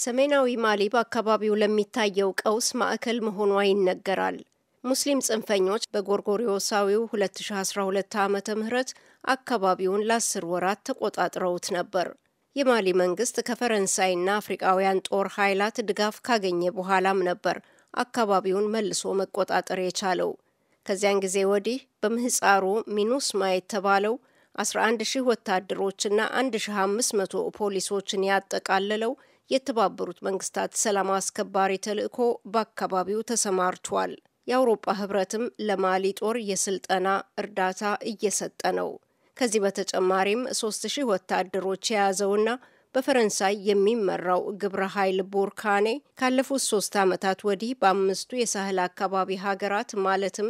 ሰሜናዊ ማሊ በአካባቢው ለሚታየው ቀውስ ማዕከል መሆኗ ይነገራል። ሙስሊም ጽንፈኞች በጎርጎሪዮሳዊው 2012 ዓ ም አካባቢውን ለአስር ወራት ተቆጣጥረውት ነበር። የማሊ መንግስት ከፈረንሳይና አፍሪቃውያን ጦር ኃይላት ድጋፍ ካገኘ በኋላም ነበር አካባቢውን መልሶ መቆጣጠር የቻለው። ከዚያን ጊዜ ወዲህ በምህፃሩ ሚኑስማ የተባለው 11 ሺህ ወታደሮችና 1500 ፖሊሶችን ያጠቃለለው የተባበሩት መንግስታት ሰላም አስከባሪ ተልዕኮ በአካባቢው ተሰማርቷል። የአውሮጳ ህብረትም ለማሊ ጦር የስልጠና እርዳታ እየሰጠ ነው። ከዚህ በተጨማሪም ሶስት ሺህ ወታደሮች የያዘውና በፈረንሳይ የሚመራው ግብረ ኃይል ቡርካኔ ካለፉት ሶስት ዓመታት ወዲህ በአምስቱ የሳህል አካባቢ ሀገራት ማለትም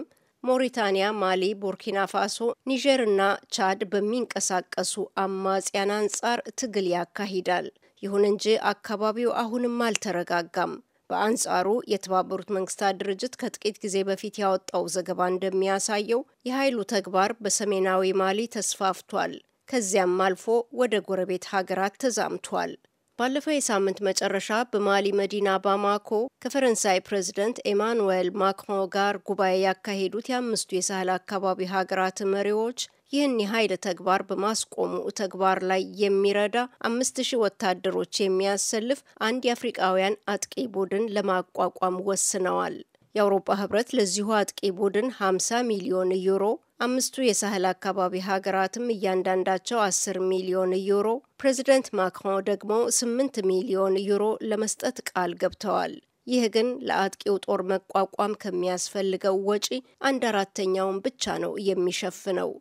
ሞሪታንያ፣ ማሊ፣ ቡርኪና ፋሶ፣ ኒጀርና ቻድ በሚንቀሳቀሱ አማጽያን አንጻር ትግል ያካሂዳል። ይሁን እንጂ አካባቢው አሁንም አልተረጋጋም። በአንጻሩ የተባበሩት መንግስታት ድርጅት ከጥቂት ጊዜ በፊት ያወጣው ዘገባ እንደሚያሳየው የኃይሉ ተግባር በሰሜናዊ ማሊ ተስፋፍቷል። ከዚያም አልፎ ወደ ጎረቤት ሀገራት ተዛምቷል። ባለፈው የሳምንት መጨረሻ በማሊ መዲና ባማኮ ከፈረንሳይ ፕሬዝደንት ኤማኑዌል ማክሮን ጋር ጉባኤ ያካሄዱት የአምስቱ የሳህል አካባቢ ሀገራት መሪዎች ይህን የኃይል ተግባር በማስቆሙ ተግባር ላይ የሚረዳ አምስት ሺህ ወታደሮች የሚያሰልፍ አንድ የአፍሪቃውያን አጥቂ ቡድን ለማቋቋም ወስነዋል። የአውሮፓ ህብረት ለዚሁ አጥቂ ቡድን 50 ሚሊዮን ዩሮ፣ አምስቱ የሳህል አካባቢ ሀገራትም እያንዳንዳቸው 10 ሚሊዮን ዩሮ፣ ፕሬዚደንት ማክሮን ደግሞ 8 ሚሊዮን ዩሮ ለመስጠት ቃል ገብተዋል። ይህ ግን ለአጥቂው ጦር መቋቋም ከሚያስፈልገው ወጪ አንድ አራተኛውን ብቻ ነው የሚሸፍነው።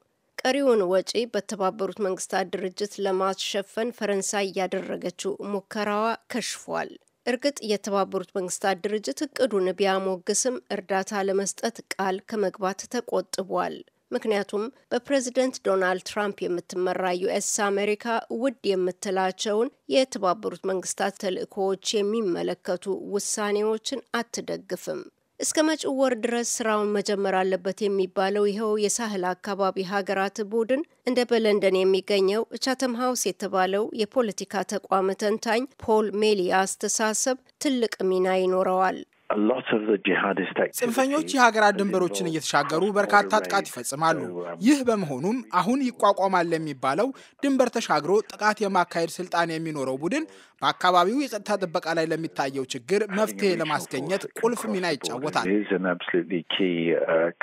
ቀሪውን ወጪ በተባበሩት መንግስታት ድርጅት ለማስሸፈን ፈረንሳይ እያደረገችው ሙከራዋ ከሽፏል። እርግጥ የተባበሩት መንግስታት ድርጅት እቅዱን ቢያሞግስም እርዳታ ለመስጠት ቃል ከመግባት ተቆጥቧል። ምክንያቱም በፕሬዝደንት ዶናልድ ትራምፕ የምትመራ ዩኤስ አሜሪካ ውድ የምትላቸውን የተባበሩት መንግስታት ተልእኮዎች የሚመለከቱ ውሳኔዎችን አትደግፍም። እስከ መጪው ወር ድረስ ስራውን መጀመር አለበት የሚባለው ይኸው የሳህል አካባቢ ሀገራት ቡድን እንደ በለንደን የሚገኘው ቻተም ሀውስ የተባለው የፖለቲካ ተቋም ተንታኝ ፖል ሜሊ አስተሳሰብ ትልቅ ሚና ይኖረዋል። ጽንፈኞች የሀገራት ድንበሮችን እየተሻገሩ በርካታ ጥቃት ይፈጽማሉ። um, ይህ በመሆኑም አሁን ይቋቋማል ለሚባለው ድንበር ተሻግሮ ጥቃት የማካሄድ ስልጣን የሚኖረው ቡድን በአካባቢው የጸጥታ ጥበቃ ላይ ለሚታየው ችግር መፍትሄ ለማስገኘት ቁልፍ ሚና ይጫወታል። uh,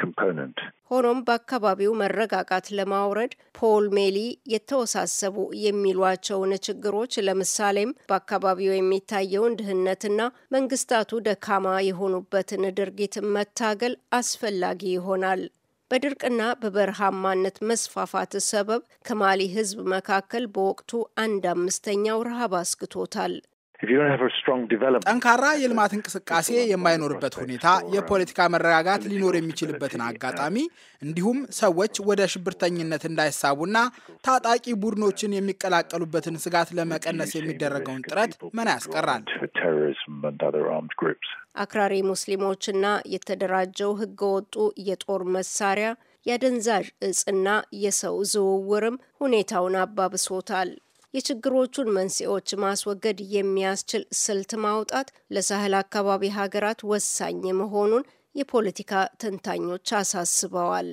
ሆኖም በአካባቢው መረጋጋት ለማውረድ ፖል ሜሊ የተወሳሰቡ የሚሏቸውን ችግሮች ለምሳሌም በአካባቢው የሚታየውን ድህነትና መንግስታቱ ደካማ የሆኑበትን ድርጊት መታገል አስፈላጊ ይሆናል። በድርቅና በበረሃማነት መስፋፋት ሰበብ ከማሊ ሕዝብ መካከል በወቅቱ አንድ አምስተኛው ረሃብ አስግቶታል። ጠንካራ የልማት እንቅስቃሴ የማይኖርበት ሁኔታ የፖለቲካ መረጋጋት ሊኖር የሚችልበትን አጋጣሚ እንዲሁም ሰዎች ወደ ሽብርተኝነት እንዳይሳቡና ታጣቂ ቡድኖችን የሚቀላቀሉበትን ስጋት ለመቀነስ የሚደረገውን ጥረት መና ያስቀራል። አክራሪ ሙስሊሞችና የተደራጀው ህገወጡ የጦር መሳሪያ የአደንዛዥ እጽና የሰው ዝውውርም ሁኔታውን አባብሶታል። የችግሮቹን መንስኤዎች ማስወገድ የሚያስችል ስልት ማውጣት ለሳህል አካባቢ ሀገራት ወሳኝ መሆኑን የፖለቲካ ተንታኞች አሳስበዋል።